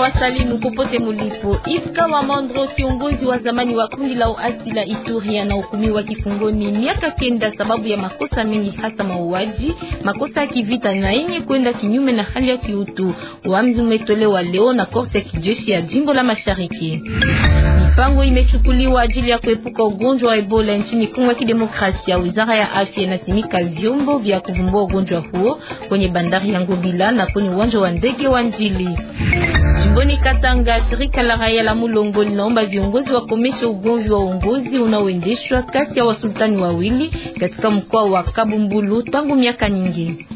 wasalimu popote mulipo. Ifka wa mandro kiongozi wa zamani wa kundi la uasi la Ituri, anahukumiwa kifungoni miaka kenda sababu ya makosa mengi, hasa mauaji, makosa ya kivita na yenye kwenda kinyume na hali ya kiutu. Uamuzi umetolewa leo na korte ya kijeshi ya jimbo la Mashariki. Mpango imechukuliwa ajili ya kuepuka ugonjwa wa Ebola nchini Kongo ya Kidemokrasia. Wizara ya Afya inasimika vyombo vya kuvumbua ugonjwa huo kwenye bandari ya Ngobila na kwenye uwanja wa ndege wa Njili. Jimboni Katanga, shirika la raia la Mulongo linaomba viongozi wakomeshe ugomvi wa uongozi unaoendeshwa kati ya wasultani wawili katika mkoa wa Kabumbulu tangu miaka nyingi.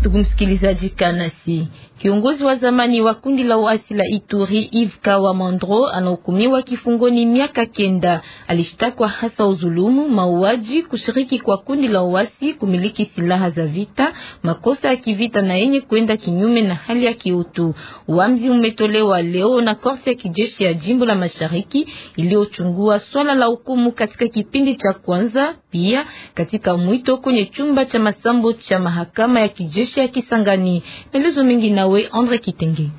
Ndugu msikilizaji, Kanasi, kiongozi wa zamani wa kundi la uasi la Ituri Yves Kawa Mandro anahukumiwa kifungoni miaka kenda. Alishtakwa hasa uzulumu, mauaji, kushiriki kwa kundi la uasi, kumiliki silaha za vita, makosa ya kivita na yenye kwenda kinyume na hali ya kiutu. Uamzi umetolewa leo na korte ya kijeshi ya jimbo la Mashariki iliyochungua swala la hukumu katika kipindi cha kwanza pia katika mwito kwenye chumba cha masambo cha mahakama ya kijeshi ya Kisangani. Melezo mengi nawe Andre Kitenge.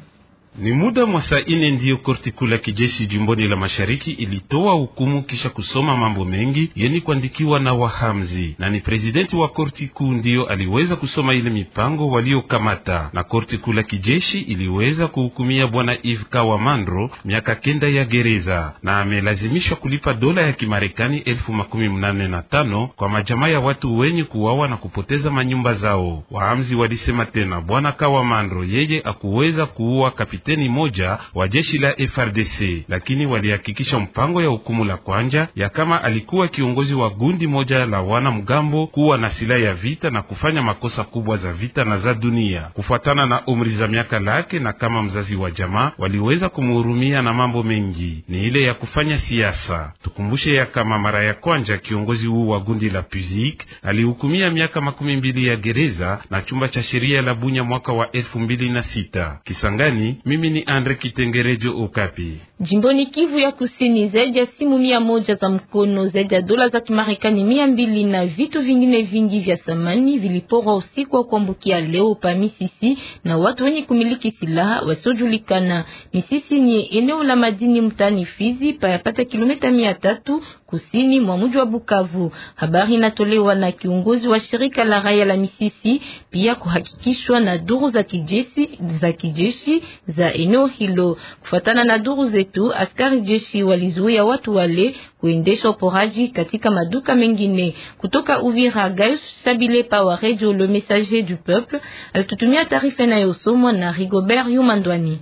Ni muda mwa saa ine ndiyo korti kuu la kijeshi jimboni la mashariki ilitoa hukumu kisha kusoma mambo mengi yeni kuandikiwa na wahamzi, na ni prezidenti wa korti kuu ndiyo aliweza kusoma ile mipango waliokamata, na korti kuu la kijeshi iliweza kuhukumia bwana Eve Kawamandro miaka kenda ya gereza, na amelazimishwa kulipa dola ya Kimarekani elfu makumi mnane na tano kwa majamaa ya watu wenye kuwawa na kupoteza manyumba zao. Wahamzi walisema tena bwana Kawamandro yeye akuweza kuua kapitani kapteni moja wa jeshi la FRDC, lakini walihakikisha mpango ya hukumu la kwanja ya kama alikuwa kiongozi wa gundi moja la wana mgambo kuwa na silaha ya vita na kufanya makosa kubwa za vita na za dunia, kufuatana na umri za miaka lake, na kama mzazi wa jamaa waliweza kumhurumia na mambo mengi ni ile ya kufanya siasa. Tukumbushe ya kama mara ya kwanja kiongozi huu wa gundi la PUZIK alihukumia miaka makumi mbili ya gereza na chumba cha sheria la Bunya mwaka wa elfu mbili na sita Kisangani. Mimi ni Andre Kitengerejo Okapi. Jimboni Kivu ya Kusini, zaidi ya simu mia moja za mkono, zaidi ya dola za Kimarekani mia mbili na vitu vingine vingi vya samani viliporwa usiku wa kuambukia leo pa Misisi na watu wenye kumiliki silaha wasiojulikana. Misisi ni eneo la madini mtani Fizi, pa yapata kilomita mia tatu kusini mwa mji wa Bukavu. Habari inatolewa na kiongozi wa shirika la raia la Misisi, pia kuhakikishwa na duru za kijeshi za kijeshi za eneo hilo. Kufuatana na duru zetu, askari jeshi walizuia watu wale kuendesha uporaji katika maduka mengine. Kutoka Uvira, Gaius Sabile pa Radio Le Messager du Peuple alitutumia taarifa inayosomwa na Rigobert Yumandwani.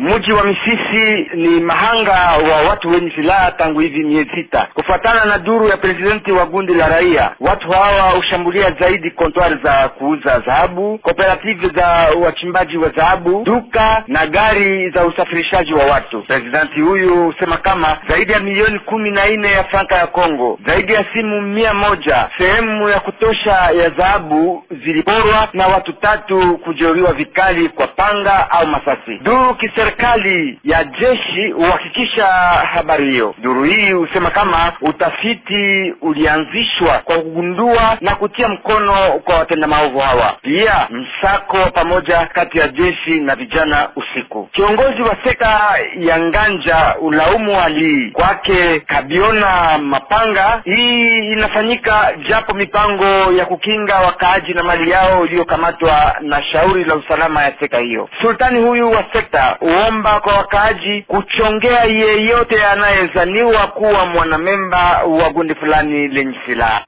Mji wa Misisi ni mahanga wa watu wenye silaha tangu hivi miezi sita, kufuatana na duru ya presidenti wa gundi la raia. Watu hawa hushambulia zaidi kontwari za kuuza dhahabu, kooperative za wachimbaji wa dhahabu, duka na gari za usafirishaji wa watu. Presidenti huyu husema kama zaidi ya milioni kumi na nne ya franka ya Kongo, zaidi ya simu mia moja, sehemu ya kutosha ya dhahabu ziliporwa na watu tatu kujeruhiwa vikali kwa panga au masasi. Duru serikali ya jeshi huhakikisha habari hiyo. Duru hii husema kama utafiti ulianzishwa kwa kugundua na kutia mkono kwa watenda maovu hawa, pia msako pamoja kati ya jeshi na vijana usiku. Kiongozi wa sekta ya nganja ulaumu hali kwake Kabiona Mapanga. Hii inafanyika japo mipango ya kukinga wakaaji na mali yao iliyokamatwa na shauri la usalama ya sekta hiyo. Sultani huyu wa sekta kuomba kwa wakaaji, kuchongea yeyote anayezaniwa kuwa mwanamemba wa gundi fulani lenye silaha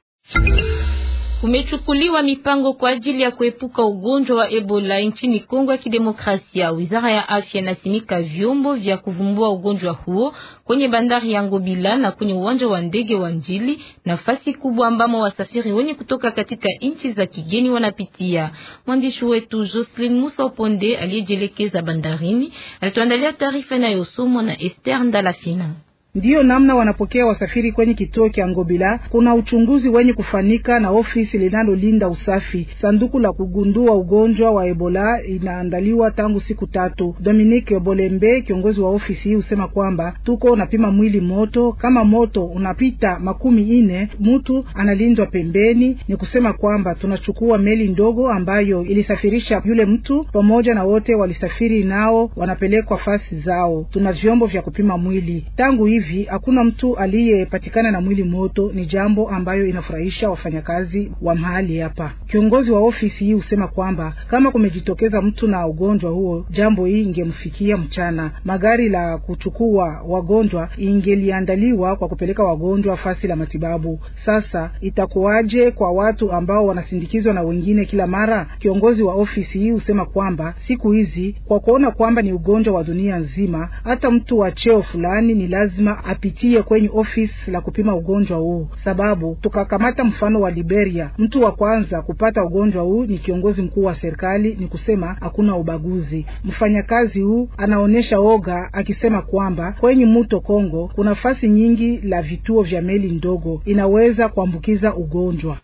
kumechukuliwa mipango kwa ajili ya kuepuka ugonjwa wa Ebola nchini Kongo ya Kidemokrasia. Wizara ya afya inasimika vyombo vya kuvumbua ugonjwa huo kwenye bandari ya Ngobila na kwenye uwanja wa ndege wa Njili, nafasi kubwa ambamo wasafiri wenye kutoka katika nchi za kigeni wanapitia. Mwandishi wetu Jocelyn Musa Oponde aliyejelekeza bandarini alituandalia taarifa inayosomwa na Esther Ndalafina. Ndiyo namna wanapokea wasafiri kwenye kituo kya Ngobila. Kuna uchunguzi wenye kufanika na ofisi linalolinda usafi. Sanduku la kugundua ugonjwa wa Ebola inaandaliwa tangu siku tatu. Dominique Obolembe, kiongozi wa ofisi hii, husema kwamba tuko unapima mwili moto, kama moto unapita makumi ine mtu analindwa pembeni. Ni kusema kwamba tunachukua meli ndogo ambayo ilisafirisha yule mtu pamoja na wote walisafiri nao, wanapelekwa fasi zao. Tuna vyombo vya kupima mwili tangu hii hivi hakuna mtu aliyepatikana na mwili moto, ni jambo ambayo inafurahisha wafanyakazi wa mahali hapa. Kiongozi wa ofisi hii husema kwamba kama kumejitokeza mtu na ugonjwa huo, jambo hii ingemfikia mchana. Magari la kuchukua wagonjwa ingeliandaliwa kwa kupeleka wagonjwa fasi la matibabu. Sasa itakuwaje kwa watu ambao wanasindikizwa na wengine kila mara? Kiongozi wa ofisi hii husema kwamba siku hizi kwa kuona kwamba ni ugonjwa wa dunia nzima, hata mtu wa cheo fulani ni lazima lazima apitie kwenye ofisi la kupima ugonjwa huu, sababu tukakamata mfano wa Liberia, mtu wa kwanza kupata ugonjwa huu ni kiongozi mkuu wa serikali. Ni kusema hakuna ubaguzi. Mfanyakazi huu anaonyesha oga akisema kwamba kwenye mto Kongo kuna fasi nyingi la vituo vya meli ndogo inaweza kuambukiza ugonjwa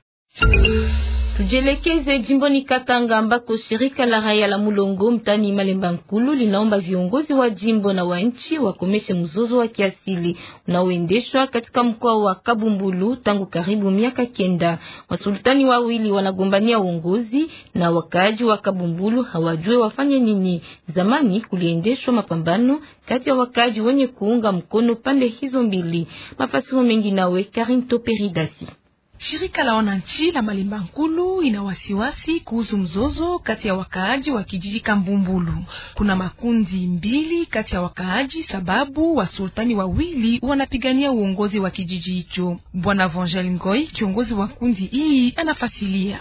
jimbo jimboni Katanga ambako shirika la raia la Mulongo mtani Malemba Nkulu linaomba viongozi wa jimbo na wa nchi wakomeshe mzozo wa kiasili unaoendeshwa katika mkoa wa Kabumbulu tangu karibu miaka kenda. Wasultani wawili wanagombania uongozi na wakaaji wa Kabumbulu hawajue wafanye nini. Zamani kuliendeshwa mapambano kati ya wakaaji wenye kuunga mkono pande hizo mbili. Mafasiro mengi nawe Karin Toperidasi. Shirika la wananchi la Malemba Nkulu ina wasiwasi kuhusu mzozo kati ya wakaaji wa kijiji Kambumbulu. Kuna makundi mbili kati ya wakaaji sababu wasultani wawili wanapigania uongozi wa kijiji hicho. Bwana Vangel Ngoi, kiongozi wa kundi hii, anafasilia.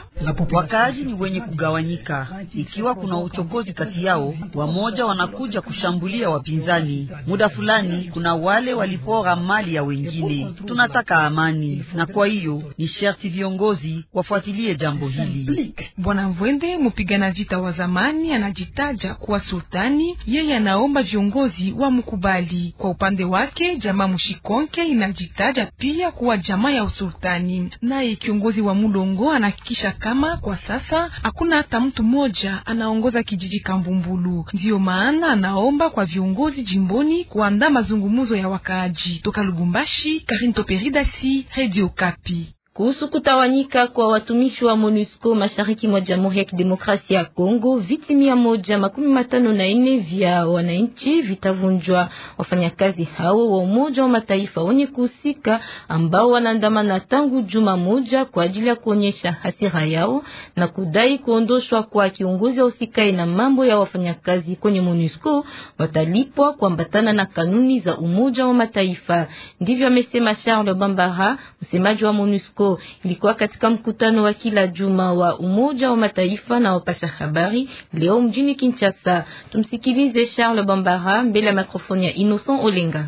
Wakaaji ni wenye kugawanyika, ikiwa kuna uchokozi kati yao, wamoja wanakuja kushambulia wapinzani. Muda fulani kuna wale walipora mali ya wengine. Tunataka amani, na kwa hiyo ni sharti viongozi wafuatilie jambo hili. Bwana Mvwende, mpigana vita wa zamani, anajitaja kuwa sultani. Yeye anaomba viongozi wa mkubali. Kwa upande wake, jamaa Mushikonke inajitaja pia kuwa jamaa ya usultani, naye kiongozi wa Mulongo anahakikisha kama kwa sasa hakuna hata mtu mmoja anaongoza kijiji Kambumbulu. Ndiyo maana anaomba kwa viongozi jimboni kuandaa mazungumzo ya wakaaji. Toka Lubumbashi, Karin Toperidasi, Radio Kapi. Kuhusu kutawanyika kwa watumishi wa MONUSCO mashariki mwa Jamhuri ya Kidemokrasia ya Kongo, viti mia moja makumi matano na nne vya wananchi vitavunjwa. Wafanyakazi hao wa Umoja wa Mataifa wenye kuhusika ambao wanaandamana tangu juma moja kwa ajili ya kuonyesha hasira yao na kudai kuondoshwa kwa kiongozi wa usikai na mambo ya wafanyakazi kwenye MONUSCO watalipwa kuambatana na kanuni za Umoja wa Mataifa. Ndivyo amesema Charles Bambara, msemaji wa MONUSCO Kongo ilikuwa katika mkutano wa kila juma wa Umoja wa Mataifa na wapasha habari leo mjini Kinshasa. Tumsikilize Charles Bambara mbele ya mikrofoni ya Innocent Olenga.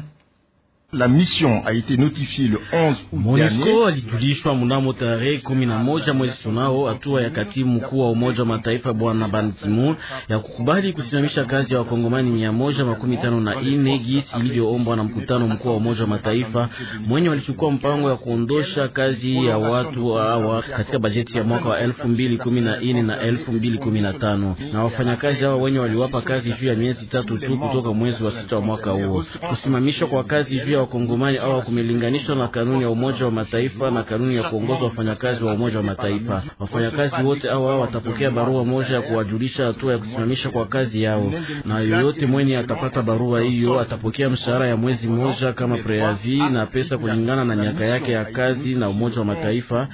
La mission a été notifiée le 11 août MONUSCO alijulishwa mnamo tarehe kumi na moja mwezi tunao hatua ya katibu mkuu wa Umoja wa Mataifa Bwana Ban Ki-moon ya kukubali kusimamisha kazi ya wakongomani mia moja makumi tano na nne gisi ilivyoombwa na mkutano mkuu wa Umoja wa Mataifa mwenye walichukua mpango ya kuondosha kazi ya watu hawa katika bajeti ya mwaka wa elfu mbili kumi na nne na elfu mbili kumi na tano na wafanyakazi hawa wenye waliwapa kazi juu ya miezi tatu tu kutoka mwezi wa sita wa mwaka huo. Kusimamishwa kwa kazi juu ya wakongomani au kumelinganishwa na kanuni ya Umoja wa Mataifa na kanuni ya kuongoza wafanyakazi wa Umoja wa Mataifa. Wafanyakazi wote au hao watapokea barua moja ya kuwajulisha hatua ya kusimamisha kwa kazi yao, na yoyote mwenye atapata barua hiyo atapokea mshahara ya mwezi mmoja kama preavi na pesa kulingana na miaka yake ya kazi na Umoja wa Mataifa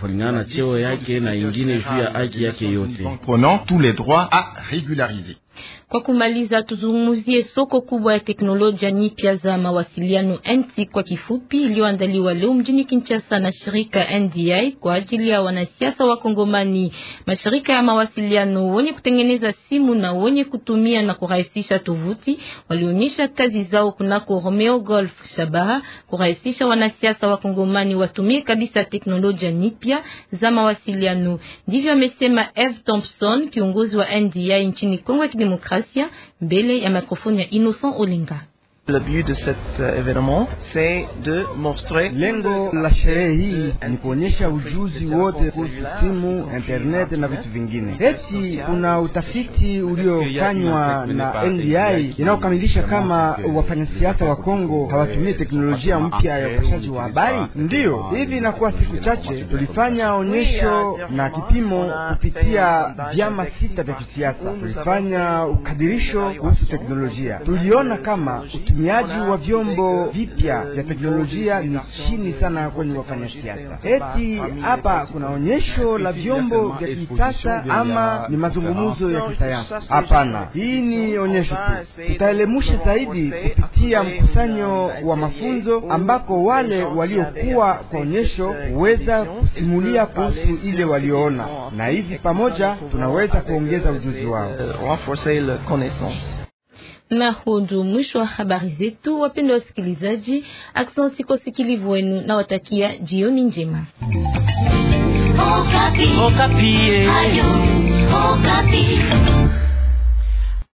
kulingana na cheo yake na ingine juu ya haki yake yote. Kwa kumaliza, tuzungumzie soko kubwa ya teknolojia nipya za mawasiliano NTI kwa kifupi, iliyoandaliwa leo mjini Kinshasa na shirika NDI kwa ajili ya wanasiasa wa Kongomani. Mashirika ya mawasiliano wenye kutengeneza simu na wenye kutumia na kurahisisha tovuti walionyesha kazi zao kunako Romeo Golf Shabaha, kurahisisha wanasiasa wa Kongomani watumie kabisa teknolojia nipya za mawasiliano. Ndivyo amesema Eve Thompson, kiongozi wa NDI nchini Kongo ya Kidemokrasia. Demokrasia mbele ya mikrofoni ya Innocent Olinga. Le but de cet euh, événement c'est de montrer. Lengo la sherehe hii ni kuonyesha ujuzi wote kuhusu simu, internet na vitu vingine. Eti kuna utafiti uliofanywa na NDI inayokamilisha kama wafanyasiasa wa Kongo hawatumie teknolojia mpya ya upashaji wa habari. Ndiyo, hivi inakuwa siku chache tulifanya onyesho na kipimo kupitia vyama sita vya kisiasa, tulifanya ukadirisho kuhusu teknolojia, tuliona kama utu utumiaji wa vyombo vipya vya teknolojia ni chini sana kwenye wafanyasiasa. Eti hapa kuna onyesho la vyombo vya kisasa ama ni mazungumzo ya kisayansi? Hapana, hii ni onyesho tu. Tutaelemusha zaidi kupitia mkusanyo wa mafunzo ambako wale waliokuwa kwa onyesho huweza kusimulia kuhusu ile walioona, na hivi pamoja tunaweza kuongeza ujuzi wao na huo ndio mwisho wa habari zetu. Wapendwa wasikilizaji, aksanti kwa usikilivu wenu na watakia jioni njema. Okapi. Okapi. Ayu, Okapi.